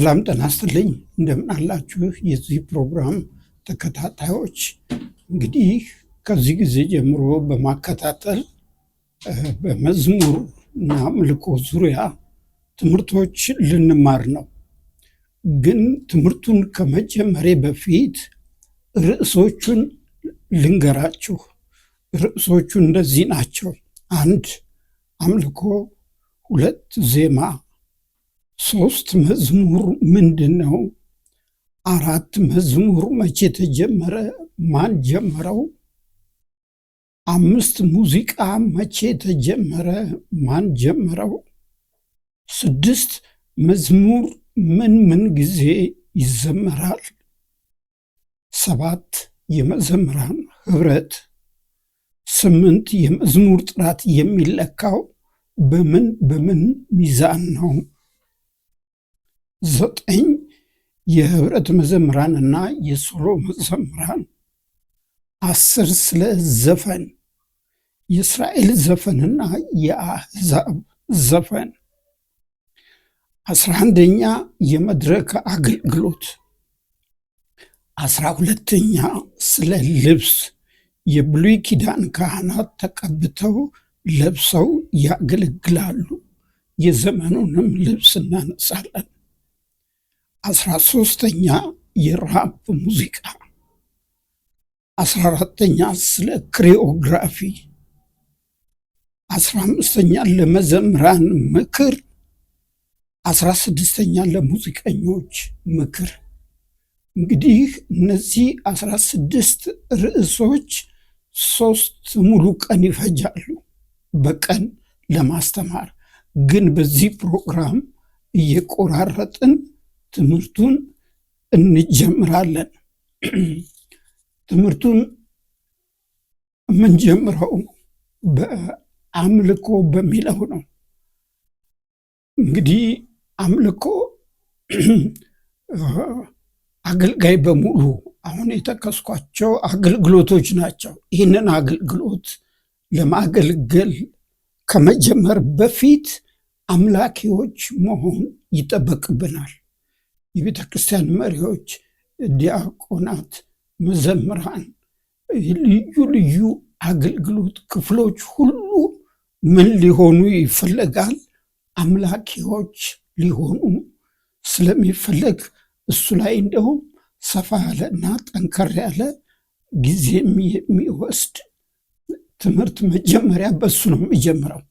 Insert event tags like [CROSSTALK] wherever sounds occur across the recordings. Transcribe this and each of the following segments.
ሰላም ጤና ይስጥልኝ፣ እንደምን አላችሁ የዚህ ፕሮግራም ተከታታዮች። እንግዲህ ከዚህ ጊዜ ጀምሮ በማከታተል በመዝሙር እና አምልኮ ዙሪያ ትምህርቶች ልንማር ነው። ግን ትምህርቱን ከመጀመሬ በፊት ርዕሶቹን ልንገራችሁ። ርዕሶቹ እንደዚህ ናቸው። አንድ አምልኮ፣ ሁለት ዜማ ሶስት መዝሙር ምንድን ነው? አራት መዝሙር መቼ ተጀመረ? ማን ጀመረው? አምስት ሙዚቃ መቼ ተጀመረ? ማን ጀመረው? ስድስት መዝሙር ምን ምን ጊዜ ይዘመራል? ሰባት የመዘምራን ህብረት። ስምንት የመዝሙር ጥራት የሚለካው በምን በምን ሚዛን ነው? ዘጠኝ የህብረት መዘምራን እና የሶሎ መዘምራን፣ አስር ስለ ዘፈን የእስራኤል ዘፈንና የአሕዛብ ዘፈን፣ አስራ አንደኛ የመድረክ አገልግሎት፣ አስራ ሁለተኛ ስለ ልብስ የብሉይ ኪዳን ካህናት ተቀብተው ለብሰው ያገለግላሉ። የዘመኑንም ልብስ እናነሳለን። አስራ ሶስተኛ የራፕ ሙዚቃ፣ አስራ አራተኛ ስለ ክሪኦግራፊ፣ አስራ አምስተኛ ለመዘምራን ምክር፣ አስራ ስድስተኛ ለሙዚቀኞች ምክር። እንግዲህ እነዚህ አስራ ስድስት ርዕሶች ሶስት ሙሉ ቀን ይፈጃሉ በቀን ለማስተማር ግን በዚህ ፕሮግራም እየቆራረጥን ትምህርቱን እንጀምራለን። ትምህርቱን የምንጀምረው በአምልኮ በሚለው ነው። እንግዲህ አምልኮ አገልጋይ በሙሉ አሁን የጠቀስኳቸው አገልግሎቶች ናቸው። ይህንን አገልግሎት ለማገልገል ከመጀመር በፊት አምላኪዎች መሆን ይጠበቅብናል። የቤተ ክርስቲያን መሪዎች፣ ዲያቆናት፣ መዘምራን፣ ልዩ ልዩ አገልግሎት ክፍሎች ሁሉ ምን ሊሆኑ ይፈለጋል? አምላኪዎች ሊሆኑ ስለሚፈለግ እሱ ላይ እንደውም ሰፋ ያለ እና ጠንከር ያለ ጊዜም የሚወስድ ትምህርት መጀመሪያ በሱ ነው የሚጀምረው።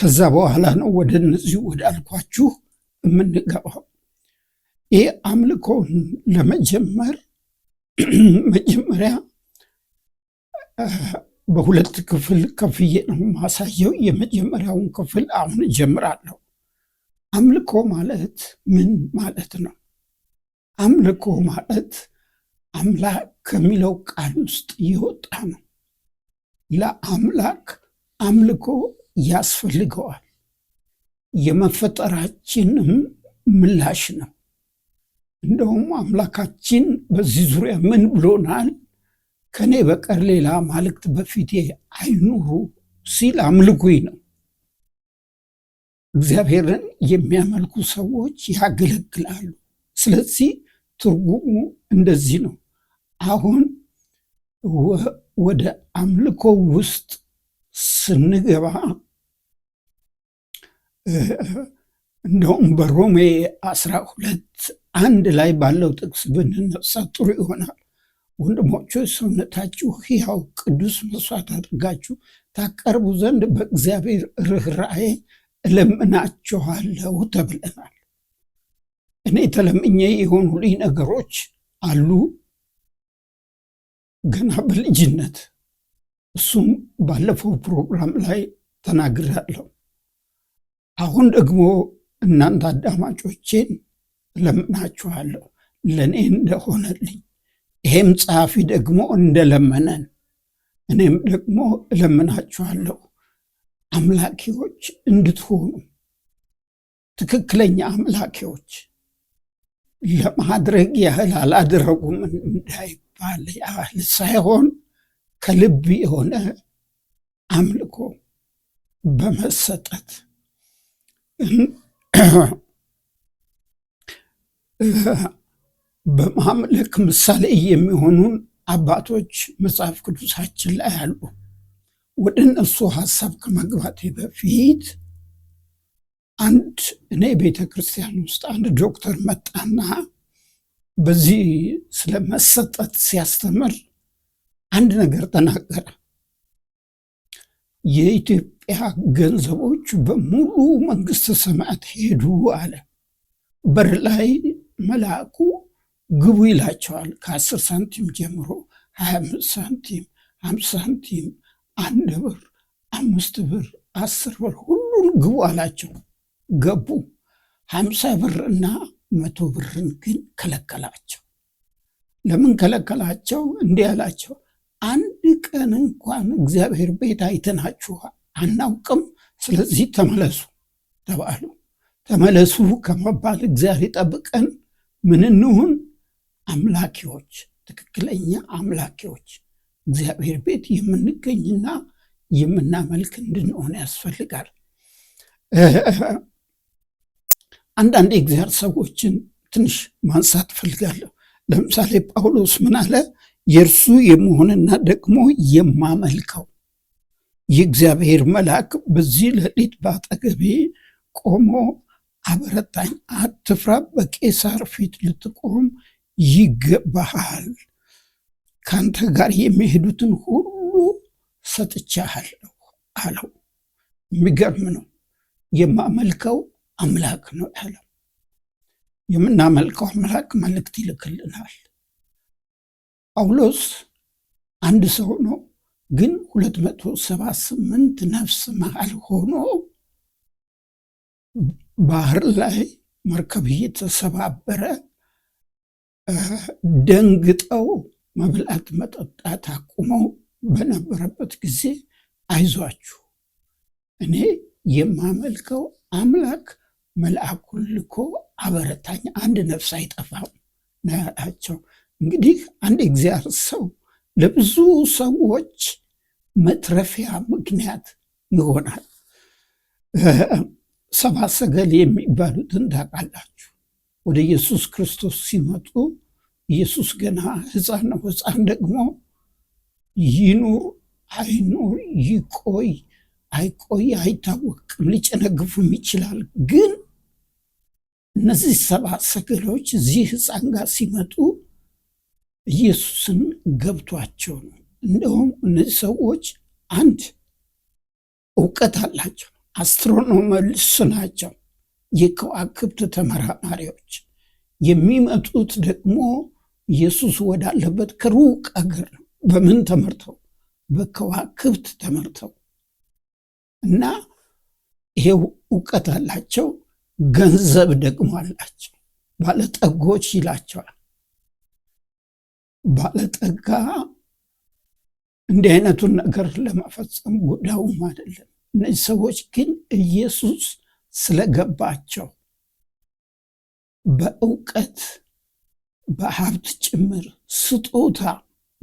ከዛ በኋላ ነው ወደ እነዚህ ወዳልኳችሁ የምንገባው። ይህ አምልኮን ለመጀመር መጀመሪያ በሁለት ክፍል ከፍዬ ነው ማሳየው። የመጀመሪያውን ክፍል አሁን እጀምራለሁ። አምልኮ ማለት ምን ማለት ነው? አምልኮ ማለት አምላክ ከሚለው ቃል ውስጥ የወጣ ነው። ለአምላክ አምልኮ ያስፈልገዋል። የመፈጠራችንም ምላሽ ነው። እንደውም አምላካችን በዚህ ዙሪያ ምን ብሎናል? ከእኔ በቀር ሌላ አማልክት በፊቴ አይኑሩ ሲል አምልኩኝ ነው። እግዚአብሔርን የሚያመልኩ ሰዎች ያገለግላሉ። ስለዚህ ትርጉሙ እንደዚህ ነው። አሁን ወደ አምልኮ ውስጥ ስንገባ እንደውም በሮሜ አስራ ሁለት አንድ ላይ ባለው ጥቅስ ብንነሳ ጥሩ ይሆናል። ወንድሞቹ ሰውነታችሁ ሕያው ቅዱስ መስዋዕት አድርጋችሁ ታቀርቡ ዘንድ በእግዚአብሔር ርኅራዬ እለምናችኋለሁ ተብለናል። እኔ ተለምኜ የሆኑልኝ ነገሮች አሉ ገና በልጅነት እሱም ባለፈው ፕሮግራም ላይ ተናግራለሁ። አሁን ደግሞ እናንተ አዳማጮቼን ለምናችኋለሁ ለእኔ እንደሆነልኝ ይሄም ጸሐፊ ደግሞ እንደለመነን እኔም ደግሞ እለምናችኋለሁ አምላኪዎች እንድትሆኑ ትክክለኛ አምላኪዎች ለማድረግ ያህል አላደረጉም እንዳይባል ያህል ሳይሆን ከልብ የሆነ አምልኮ በመሰጠት [COUGHS] በማምለክ ምሳሌ የሚሆኑን አባቶች መጽሐፍ ቅዱሳችን ላይ አሉ። ወደ እነሱ ሀሳብ ከመግባቴ በፊት አንድ እኔ ቤተ ክርስቲያን ውስጥ አንድ ዶክተር መጣና በዚህ ስለመሰጠት ሲያስተምር አንድ ነገር ተናገረ። የኢትዮጵያ የኢትዮጵያ ገንዘቦች በሙሉ መንግስተ ሰማያት ሄዱ አለ። በር ላይ መልአኩ ግቡ ይላቸዋል። ከአስር ሳንቲም ጀምሮ ሀያ አምስት ሳንቲም፣ ሀምሳ ሳንቲም፣ አንድ ብር፣ አምስት ብር፣ አስር ብር ሁሉን ግቡ አላቸው። ገቡ። ሀምሳ ብር እና መቶ ብርን ግን ከለከላቸው። ለምን ከለከላቸው? እንዲህ አላቸው፣ አንድ ቀን እንኳን እግዚአብሔር ቤት አይተናችኋል አናውቅም፣ ስለዚህ ተመለሱ ተባሉ። ተመለሱ ከመባል እግዚአብሔር ይጠብቀን። ምን እንሁን? አምላኪዎች፣ ትክክለኛ አምላኪዎች እግዚአብሔር ቤት የምንገኝና የምናመልክ እንድንሆን ያስፈልጋል። አንዳንድ የእግዚአብሔር ሰዎችን ትንሽ ማንሳት ፈልጋለሁ ለምሳሌ ጳውሎስ ምን አለ? የእርሱ የመሆንና ደግሞ የማመልከው የእግዚአብሔር መልአክ በዚህ ሌሊት በአጠገቤ ቆሞ አበረታኝ፣ አትፍራ፣ በቄሳር ፊት ልትቆም ይገባሃል፣ ከአንተ ጋር የሚሄዱትን ሁሉ ሰጥቻሃለሁ አለው። የሚገርም ነው። የማመልከው አምላክ ነው ያለው። የምናመልከው አምላክ መልእክት ይልክልናል። ጳውሎስ አንድ ሰው ነው ግን 278 ነፍስ መሃል ሆኖ ባህር ላይ መርከብ እየተሰባበረ ደንግጠው መብላት መጠጣት አቁመው በነበረበት ጊዜ አይዟችሁ፣ እኔ የማመልከው አምላክ መልአኩን ልኮ አበረታኝ፣ አንድ ነፍስ አይጠፋም ናቸው። እንግዲህ አንድ እግዚአብሔር ሰው ለብዙ ሰዎች መትረፊያ ምክንያት ይሆናል። [LAUGHS] ሰባ ሰገል የሚባሉትን ታውቃላችሁ። ወደ ኢየሱስ ክርስቶስ ሲመጡ ኢየሱስ ገና ሕፃን ነው። ሕፃን ደግሞ ይኑር አይኑር ይቆይ አይቆይ አይታወቅም፣ ሊጨነግፉም ይችላል። ግን እነዚህ ሰባ ሰገሎች እዚህ ሕፃን ጋር ሲመጡ ኢየሱስን ገብቷቸው ነው እንደውም እነዚህ ሰዎች አንድ እውቀት አላቸው፣ አስትሮኖመልስ ናቸው፣ የከዋክብት ተመራማሪዎች። የሚመጡት ደግሞ ኢየሱስ ወዳለበት ከሩቅ አገር ነው። በምን ተመርተው? በከዋክብት ተመርተው እና ይሄው እውቀት አላቸው። ገንዘብ ደግሞ አላቸው። ባለጠጎች ይላቸዋል። ባለጠጋ እንዲህ አይነቱን ነገር ለመፈጸም ጉዳዩም አይደለም። እነዚህ ሰዎች ግን ኢየሱስ ስለገባቸው በእውቀት በሀብት ጭምር ስጦታ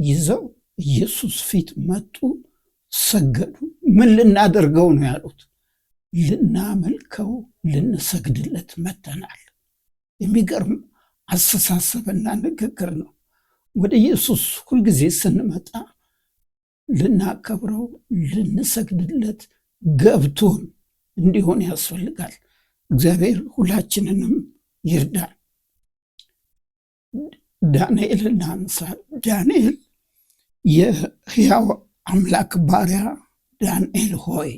ይዘው ኢየሱስ ፊት መጡ፣ ሰገዱ። ምን ልናደርገው ነው ያሉት? ልናመልከው ልንሰግድለት መተናል። የሚገርም አስተሳሰብና ንግግር ነው። ወደ ኢየሱስ ሁልጊዜ ስንመጣ ልናከብረው፣ ልንሰግድለት ገብቶን እንዲሆን ያስፈልጋል። እግዚአብሔር ሁላችንንም ይርዳል። ዳንኤልን እናንሳ። ዳንኤል የሕያው አምላክ ባሪያ ዳንኤል ሆይ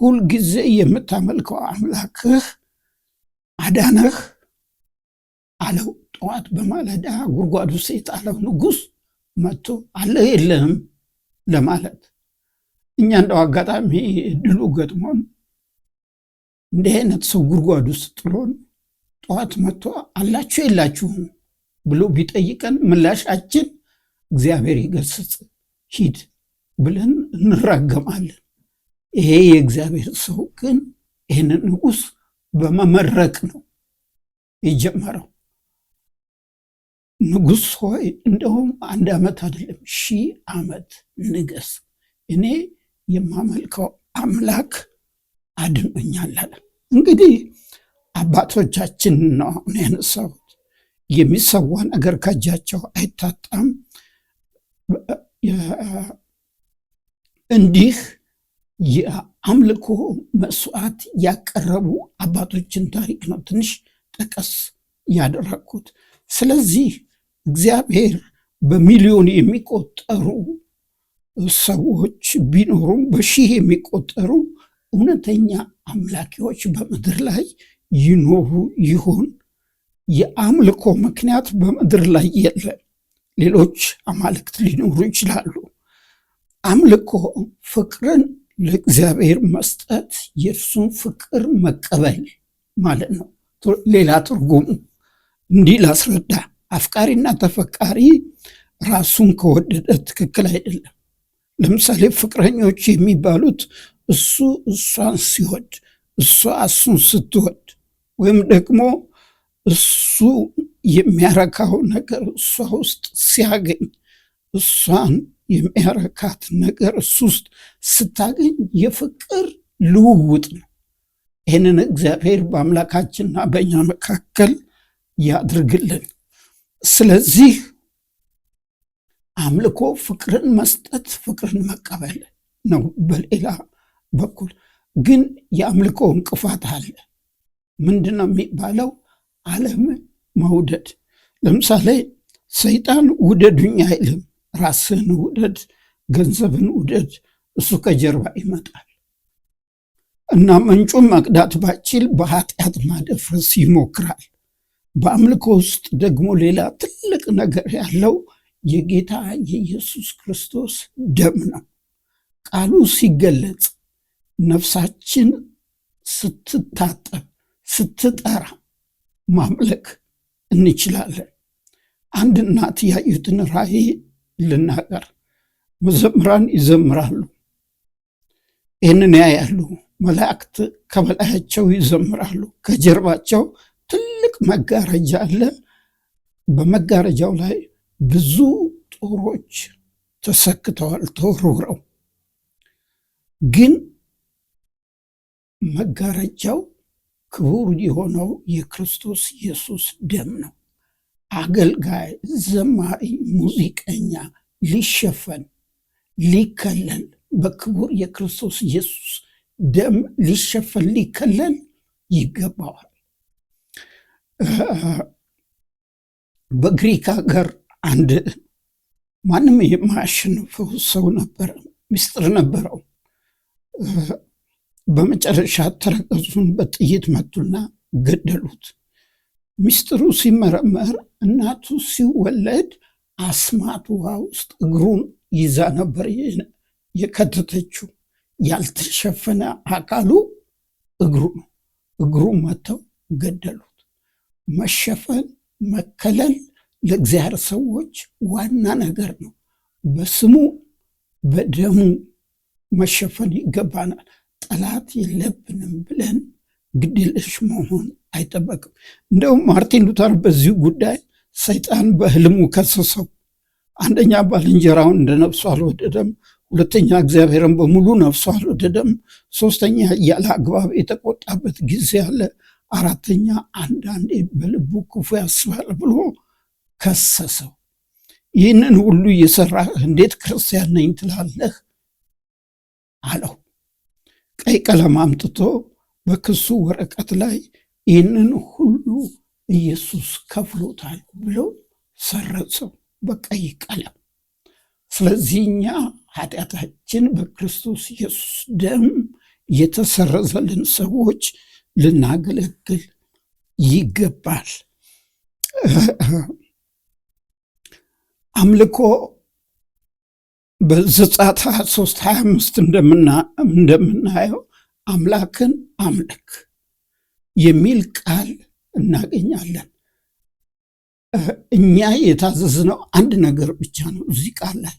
ሁልጊዜ የምታመልከው አምላክህ አዳነህ አለው። ጠዋት በማለዳ ጉድጓዱ ሴት አለው። ንጉሥ መጥቶ አለ የለህም ለማለት እኛ እንደው አጋጣሚ እድሉ ገጥሞን እንዲህ አይነት ሰው ጉድጓድ ውስጥ ጥሎን ጠዋት መጥቶ አላችሁ የላችሁም ብሎ ቢጠይቀን ምላሻችን እግዚአብሔር ይገስጽ ሂድ ብለን እንራገማለን። ይሄ የእግዚአብሔር ሰው ግን ይህንን ንጉሥ በመመረቅ ነው የጀመረው። ንጉሥ ሆይ እንደውም አንድ ዓመት አይደለም ሺህ ዓመት ንገስ፣ እኔ የማመልከው አምላክ አድኖኛል አለ። እንግዲህ አባቶቻችን ነው አሁን ያነሳሁት። የሚሰዋ ነገር ከእጃቸው አይታጣም። እንዲህ የአምልኮ መስዋዕት ያቀረቡ አባቶችን ታሪክ ነው ትንሽ ጠቀስ ያደረግኩት። ስለዚህ እግዚአብሔር በሚሊዮን የሚቆጠሩ ሰዎች ቢኖሩም በሺህ የሚቆጠሩ እውነተኛ አምላኪዎች በምድር ላይ ይኖሩ ይሆን? የአምልኮ ምክንያት በምድር ላይ የለም። ሌሎች አማልክት ሊኖሩ ይችላሉ። አምልኮ ፍቅርን ለእግዚአብሔር መስጠት፣ የእርሱን ፍቅር መቀበል ማለት ነው። ሌላ ትርጉሙ እንዲህ ላስረዳ። አፍቃሪና ተፈቃሪ ራሱን ከወደደ ትክክል አይደለም። ለምሳሌ ፍቅረኞች የሚባሉት እሱ እሷን ሲወድ፣ እሷ እሱን ስትወድ ወይም ደግሞ እሱ የሚያረካው ነገር እሷ ውስጥ ሲያገኝ እሷን የሚያረካት ነገር እሱ ውስጥ ስታገኝ የፍቅር ልውውጥ ነው። ይህንን እግዚአብሔር በአምላካችንና በእኛ መካከል ያድርግልን። ስለዚህ አምልኮ ፍቅርን መስጠት፣ ፍቅርን መቀበል ነው። በሌላ በኩል ግን የአምልኮ እንቅፋት አለ። ምንድን ነው የሚባለው? አለም መውደድ። ለምሳሌ ሰይጣን ውደዱኝ አይልም። ራስህን ውደድ፣ ገንዘብን ውደድ፣ እሱ ከጀርባ ይመጣል እና ምንጩን መቅዳት ባችል በኃጢአት ማደፍረስ ይሞክራል። በአምልኮ ውስጥ ደግሞ ሌላ ትልቅ ነገር ያለው የጌታ የኢየሱስ ክርስቶስ ደም ነው። ቃሉ ሲገለጽ ነፍሳችን ስትታጠብ ስትጠራ ማምለክ እንችላለን። አንድ እናት ያዩትን ራእይ ልናገር። መዘምራን ይዘምራሉ፣ ይህንን ያያሉ። መላእክት ከበላያቸው ይዘምራሉ፣ ከጀርባቸው ትልቅ መጋረጃ አለ። በመጋረጃው ላይ ብዙ ጦሮች ተሰክተዋል ተወርውረው፣ ግን መጋረጃው ክቡር የሆነው የክርስቶስ ኢየሱስ ደም ነው። አገልጋይ፣ ዘማሪ፣ ሙዚቀኛ ሊሸፈን ሊከለል በክቡር የክርስቶስ ኢየሱስ ደም ሊሸፈን ሊከለል ይገባዋል። በግሪክ ሀገር አንድ ማንም የማያሸንፈው ሰው ነበረ፣ ሚስጥር ነበረው። በመጨረሻ ተረከዙን በጥይት መቱና ገደሉት። ሚስጥሩ ሲመረመር እናቱ ሲወለድ አስማት ውሃ ውስጥ እግሩን ይዛ ነበር የከተተችው። ያልተሸፈነ አካሉ እግሩ ነው። እግሩ መተው ገደሉ። መሸፈን፣ መከለል ለእግዚአብሔር ሰዎች ዋና ነገር ነው። በስሙ በደሙ መሸፈን ይገባናል። ጠላት የለብንም ብለን ግድልሽ መሆን አይጠበቅም። እንደውም ማርቲን ሉተር በዚሁ ጉዳይ ሰይጣን በህልሙ ከሰሰው። አንደኛ ባልንጀራውን እንደ ነፍሱ አልወደደም፣ ሁለተኛ እግዚአብሔርን በሙሉ ነፍሱ አልወደደም፣ ሶስተኛ ያለ አግባብ የተቆጣበት ጊዜ አለ። አራተኛ አንዳንዴ በልቡ ክፉ ያስባል ብሎ ከሰሰው። ይህንን ሁሉ እየሰራ እንዴት ክርስቲያን ነኝ ትላለህ አለው። ቀይ ቀለም አምጥቶ በክሱ ወረቀት ላይ ይህንን ሁሉ ኢየሱስ ከፍሎታል ብለው ሰረሰው በቀይ ቀለም። ስለዚህ እኛ ኃጢአታችን በክርስቶስ ኢየሱስ ደም የተሰረዘልን ሰዎች ልናገለግል ይገባል። አምልኮ በዘጸአት ሀያ አምስት እንደምናየው አምላክን አምልክ የሚል ቃል እናገኛለን። እኛ የታዘዝነው አንድ ነገር ብቻ ነው እዚህ ቃል ላይ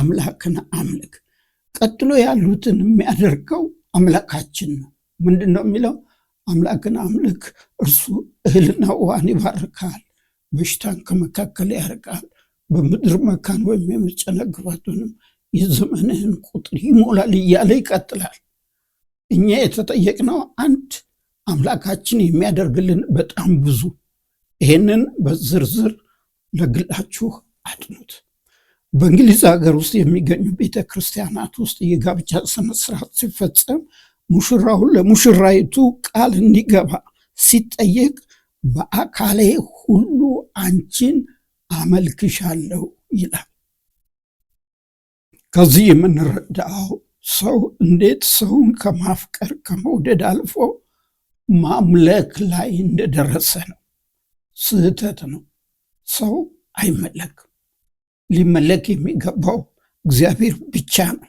አምላክን አምልክ። ቀጥሎ ያሉትን የሚያደርገው አምላካችን ነው። ምንድን ነው የሚለው? አምላክን አምልክ፣ እርሱ እህልና ውሃን ይባርካል፣ በሽታን ከመካከል ያርቃል፣ በምድር መካን ወይም የመጨነግፋቱንም የዘመንህን ቁጥር ይሞላል እያለ ይቀጥላል። እኛ የተጠየቅነው አንድ አምላካችን የሚያደርግልን በጣም ብዙ። ይህንን በዝርዝር ለግላችሁ አጥኑት። በእንግሊዝ ሀገር ውስጥ የሚገኙ ቤተ ክርስቲያናት ውስጥ የጋብቻ ስነስርዓት ሲፈጸም ሙሽራውን ለሙሽራይቱ ቃል እንዲገባ ሲጠየቅ በአካሌ ሁሉ አንቺን አመልክሻለሁ ይላል። ከዚህ የምንረዳው ሰው እንዴት ሰውን ከማፍቀር ከመውደድ አልፎ ማምለክ ላይ እንደደረሰ ነው። ስህተት ነው። ሰው አይመለክም። ሊመለክ የሚገባው እግዚአብሔር ብቻ ነው።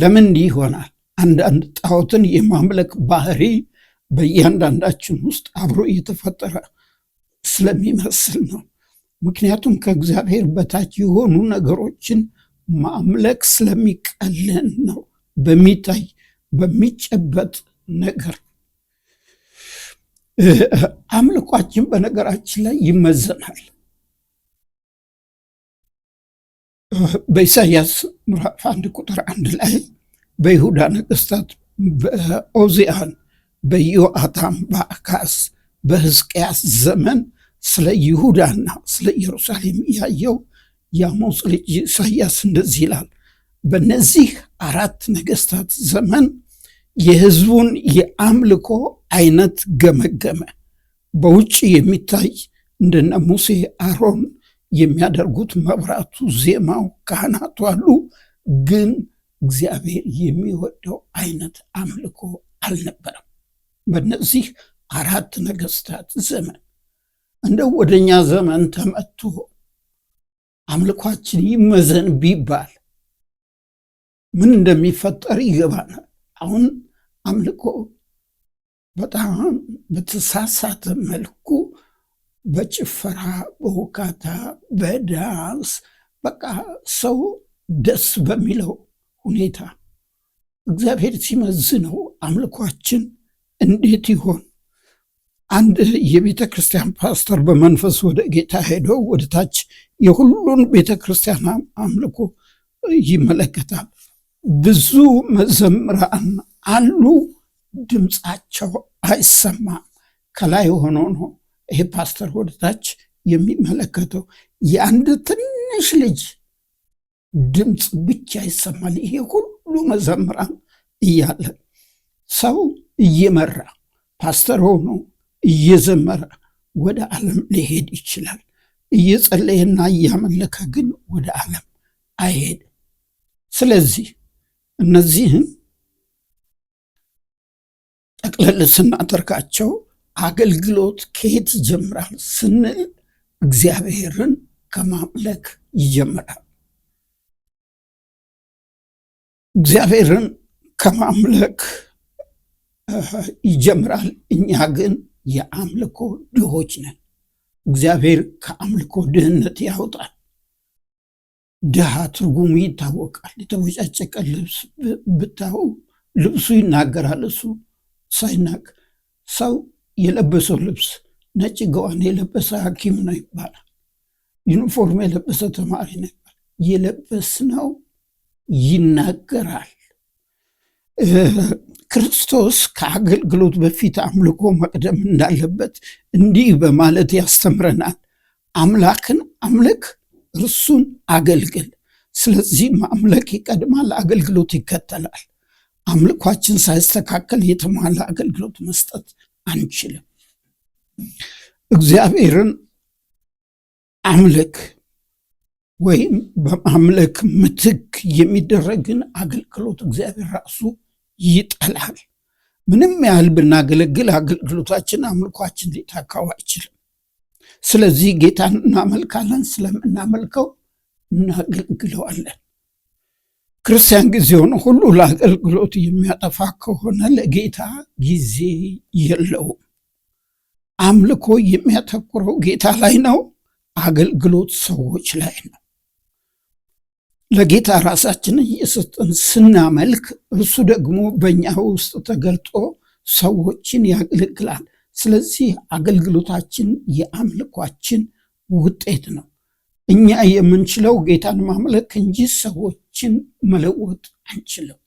ለምን ይሆናል? አንዳንድ ጣዖትን የማምለክ ባህሪ በእያንዳንዳችን ውስጥ አብሮ እየተፈጠረ ስለሚመስል ነው። ምክንያቱም ከእግዚአብሔር በታች የሆኑ ነገሮችን ማምለክ ስለሚቀለን ነው። በሚታይ በሚጨበጥ ነገር አምልኳችን በነገራችን ላይ ይመዘናል። በኢሳያስ ምዕራፍ አንድ ቁጥር አንድ ላይ በይሁዳ ነገስታት በኦዚያን፣ በዮአታም፣ በአካስ፣ በህዝቅያስ ዘመን ስለ ይሁዳና ስለ ኢየሩሳሌም ያየው የአሞጽ ልጅ ኢሳያስ እንደዚህ ይላል። በነዚህ አራት ነገስታት ዘመን የህዝቡን የአምልኮ አይነት ገመገመ። በውጭ የሚታይ እንደነ ሙሴ አሮን የሚያደርጉት መብራቱ፣ ዜማው፣ ካህናቱ አሉ ግን እግዚአብሔር የሚወደው አይነት አምልኮ አልነበረም። በእነዚህ አራት ነገስታት ዘመን እንደው ወደኛ ዘመን ተመቶ አምልኳችን ይመዘን ቢባል ምን እንደሚፈጠር ይገባናል። አሁን አምልኮ በጣም በተሳሳተ መልኩ በጭፈራ፣ በውካታ፣ በዳንስ በቃ ሰው ደስ በሚለው ሁኔታ እግዚአብሔር ሲመዝነው አምልኳችን እንዴት ይሆን? አንድ የቤተ ክርስቲያን ፓስተር በመንፈስ ወደ ጌታ ሄዶ ወደ ታች የሁሉን ቤተ ክርስቲያን አምልኮ ይመለከታል። ብዙ መዘምራን አሉ፣ ድምፃቸው አይሰማም። ከላይ ሆኖ ነው ይሄ ፓስተር ወደ ታች የሚመለከተው። የአንድ ትንሽ ልጅ ድምፅ ብቻ ይሰማል። ይሄ ሁሉ መዘምራን እያለ ሰው እየመራ ፓስተር ሆኖ እየዘመረ ወደ ዓለም ሊሄድ ይችላል። እየጸለየና እያመለከ ግን ወደ ዓለም አይሄድ ስለዚህ እነዚህን ጠቅለል ስናደርጋቸው አገልግሎት ከየት ይጀምራል ስንል እግዚአብሔርን ከማምለክ ይጀምራል። እግዚአብሔርን ከማምለክ ይጀምራል። እኛ ግን የአምልኮ ድሆች ነን። እግዚአብሔር ከአምልኮ ድህነት ያውጣል። ድሃ ትርጉሙ ይታወቃል። የተቦጫጨቀ ልብስ ብታው ልብሱ ይናገራል። እሱ ሳይናቅ ሰው የለበሰው ልብስ ነጭ ገዋን የለበሰ ሐኪም ነው ይባላል። ዩኒፎርም የለበሰ ተማሪ ነው ይባላል። የለበስነው ይናገራል። ክርስቶስ ከአገልግሎት በፊት አምልኮ መቅደም እንዳለበት እንዲህ በማለት ያስተምረናል። አምላክን አምልክ፣ እርሱን አገልግል። ስለዚህ ማምለክ ይቀድማል፣ አገልግሎት ይከተላል። አምልኳችን ሳይስተካከል የተሟላ አገልግሎት መስጠት አንችልም። እግዚአብሔርን አምልክ ወይም በማምለክ ምትክ የሚደረግን አገልግሎት እግዚአብሔር ራሱ ይጠላል። ምንም ያህል ብናገለግል አገልግሎታችን፣ አምልኳችን ሊታካው አይችልም። ስለዚህ ጌታን እናመልካለን። ስለምናመልከው እናገልግለዋለን። ክርስቲያን ጊዜውን ሁሉ ለአገልግሎት የሚያጠፋ ከሆነ ለጌታ ጊዜ የለውም። አምልኮ የሚያተኩረው ጌታ ላይ ነው፣ አገልግሎት ሰዎች ላይ ነው። ለጌታ ራሳችን እየሰጠን ስናመልክ እርሱ ደግሞ በእኛ ውስጥ ተገልጦ ሰዎችን ያገለግላል። ስለዚህ አገልግሎታችን የአምልኳችን ውጤት ነው። እኛ የምንችለው ጌታን ማምለክ እንጂ ሰዎችን መለወጥ አንችለው።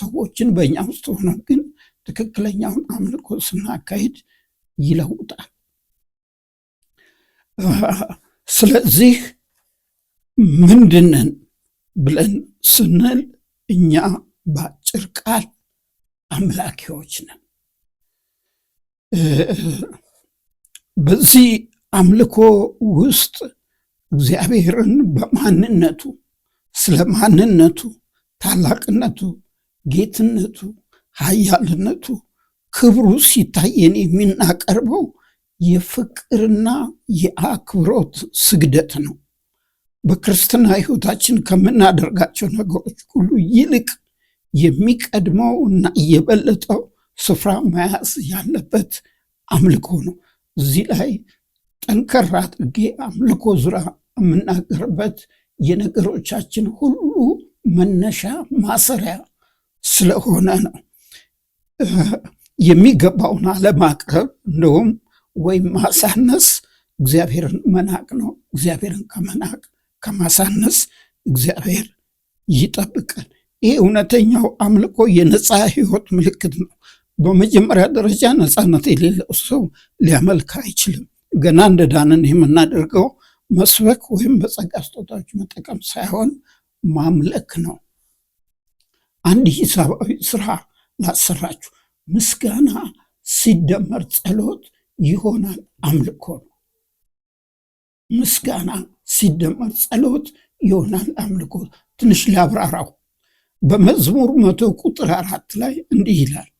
ሰዎችን በእኛ ውስጥ ሆነው ግን ትክክለኛውን አምልኮ ስናካሄድ ይለውጣል። ስለዚህ ምንድንን ብለን ስንል እኛ በአጭር ቃል አምላኪዎች ነን። በዚህ አምልኮ ውስጥ እግዚአብሔርን በማንነቱ ስለ ማንነቱ፣ ታላቅነቱ፣ ጌትነቱ፣ ኃያልነቱ፣ ክብሩ ሲታየን የምናቀርበው የፍቅርና የአክብሮት ስግደት ነው። በክርስትና ህይወታችን ከምናደርጋቸው ነገሮች ሁሉ ይልቅ የሚቀድመው እና የበለጠው ስፍራ መያዝ ያለበት አምልኮ ነው። እዚህ ላይ ጠንከር አድርጌ አምልኮ ዙሪያ የምናገርበት የነገሮቻችን ሁሉ መነሻ ማሰሪያ ስለሆነ ነው። የሚገባውን አለማቅረብ እንደውም ወይም ማሳነስ እግዚአብሔርን መናቅ ነው። እግዚአብሔርን ከመናቅ ከማሳነስ እግዚአብሔር ይጠብቃል። ይህ እውነተኛው አምልኮ የነፃ ህይወት ምልክት ነው። በመጀመሪያ ደረጃ ነፃነት የሌለው ሰው ሊያመልክ አይችልም። ገና እንደ ዳንን የምናደርገው መስበክ ወይም በጸጋ ስጦታዎች መጠቀም ሳይሆን ማምለክ ነው። አንድ ሂሳባዊ ስራ ላሰራችሁ ምስጋና ሲደመር ጸሎት ይሆናል አምልኮ ነው ምስጋና ሲደመር ጸሎት ይሆናል አምልኮ። ትንሽ ላብራራው። በመዝሙር መቶ ቁጥር አራት ላይ እንዲህ ይላል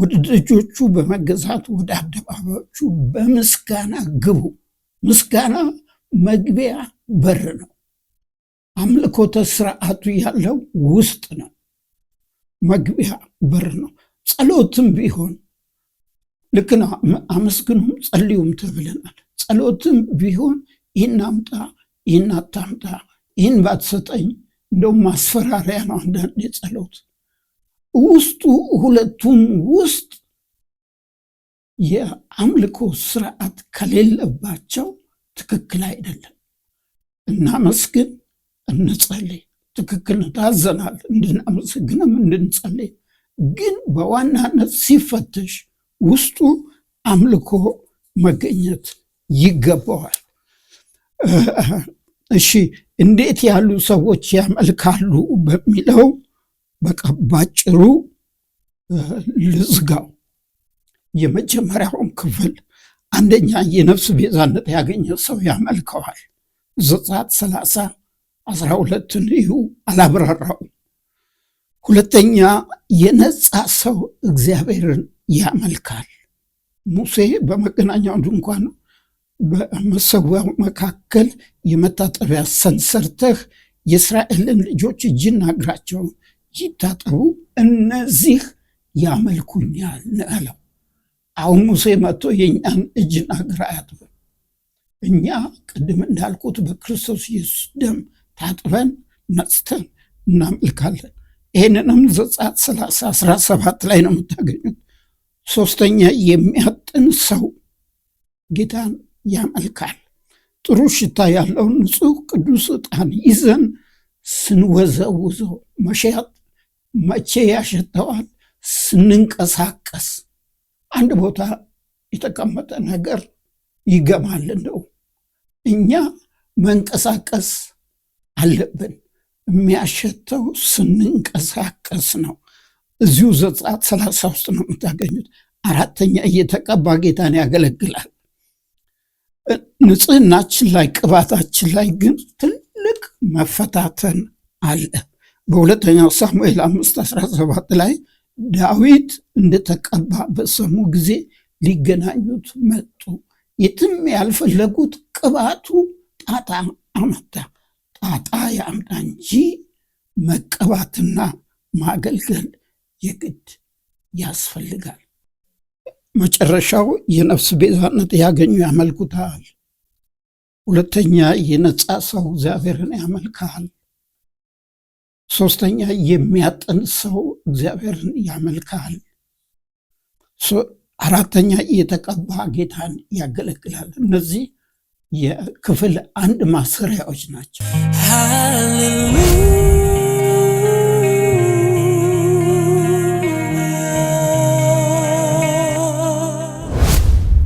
ወደ ደጆቹ በመገዛት ወደ አደባባዮቹ በምስጋና ግቡ። ምስጋና መግቢያ በር ነው። አምልኮተ ስርዓቱ ያለው ውስጥ ነው፣ መግቢያ በር ነው። ጸሎትም ቢሆን ልክ ነው። አመስግኑም ጸልዩም ተብለናል። ጸሎትም ቢሆን ይህን አምጣ፣ ይህን አታምጣ፣ ይህን ባትሰጠኝ እንደውም ማስፈራሪያ ነው። አንዳንድ የጸሎት ውስጡ ሁለቱም ውስጥ የአምልኮ ስርዓት ከሌለባቸው ትክክል አይደለም። እናመስግን፣ እንጸልይ፣ ትክክል ታዘናል፣ እንድናመስግንም እንድንጸልይ። ግን በዋናነት ሲፈተሽ ውስጡ አምልኮ መገኘት ይገባዋል። [COUGHS] እሺ እንዴት ያሉ ሰዎች ያመልካሉ በሚለው በቃ ባጭሩ ልዝጋው። የመጀመሪያውን ክፍል አንደኛ የነፍስ ቤዛነት ያገኘ ሰው ያመልከዋል። ዘጸአት ሰላሳ አስራ ሁለትን እዩ አላብራራው። ሁለተኛ የነጻ ሰው እግዚአብሔርን ያመልካል። ሙሴ በመገናኛው ድንኳን በመሰዊያው መካከል የመታጠቢያ ሰንሰርተህ የእስራኤልን ልጆች እጅና እግራቸውን ይታጠቡ፣ እነዚህ ያመልኩኛል አለው። አሁን ሙሴ መጥቶ የእኛን እጅና እግር አያጥብም። እኛ ቅድም እንዳልኩት በክርስቶስ ኢየሱስ ደም ታጥበን ነጽተን እናመልካለን። ይህንንም ዘጻት 30 ላይ ነው የምታገኙት። ሶስተኛ የሚያጥን ሰው ጌታን ያመልካል። ጥሩ ሽታ ያለው ንጹህ ቅዱስ ዕጣን ይዘን ስንወዘውዘው መሸጥ መቼ ያሸተዋል? ስንንቀሳቀስ አንድ ቦታ የተቀመጠ ነገር ይገማል። እንደው እኛ መንቀሳቀስ አለብን። የሚያሸተው ስንንቀሳቀስ ነው። እዚሁ ዘጸአት ሰላሳ ውስጥ ነው የምታገኙት። አራተኛ እየተቀባ ጌታን ያገለግላል። ንጽህናችን ላይ ቅባታችን ላይ ግን ትልቅ መፈታተን አለ። በሁለተኛው ሳሙኤል አምስት አስራ ሰባት ላይ ዳዊት እንደተቀባ በሰሙ ጊዜ ሊገናኙት መጡ። የትም ያልፈለጉት ቅባቱ ጣጣ አመጣ። ጣጣ ያምጣ እንጂ መቀባትና ማገልገል የግድ ያስፈልጋል። መጨረሻው የነፍስ ቤዛነት ያገኙ ያመልኩታል። ሁለተኛ የነጻ ሰው እግዚአብሔርን ያመልካል። ሶስተኛ የሚያጥን ሰው እግዚአብሔርን ያመልካል። አራተኛ የተቀባ ጌታን ያገለግላል። እነዚህ የክፍል አንድ ማሰሪያዎች ናቸው።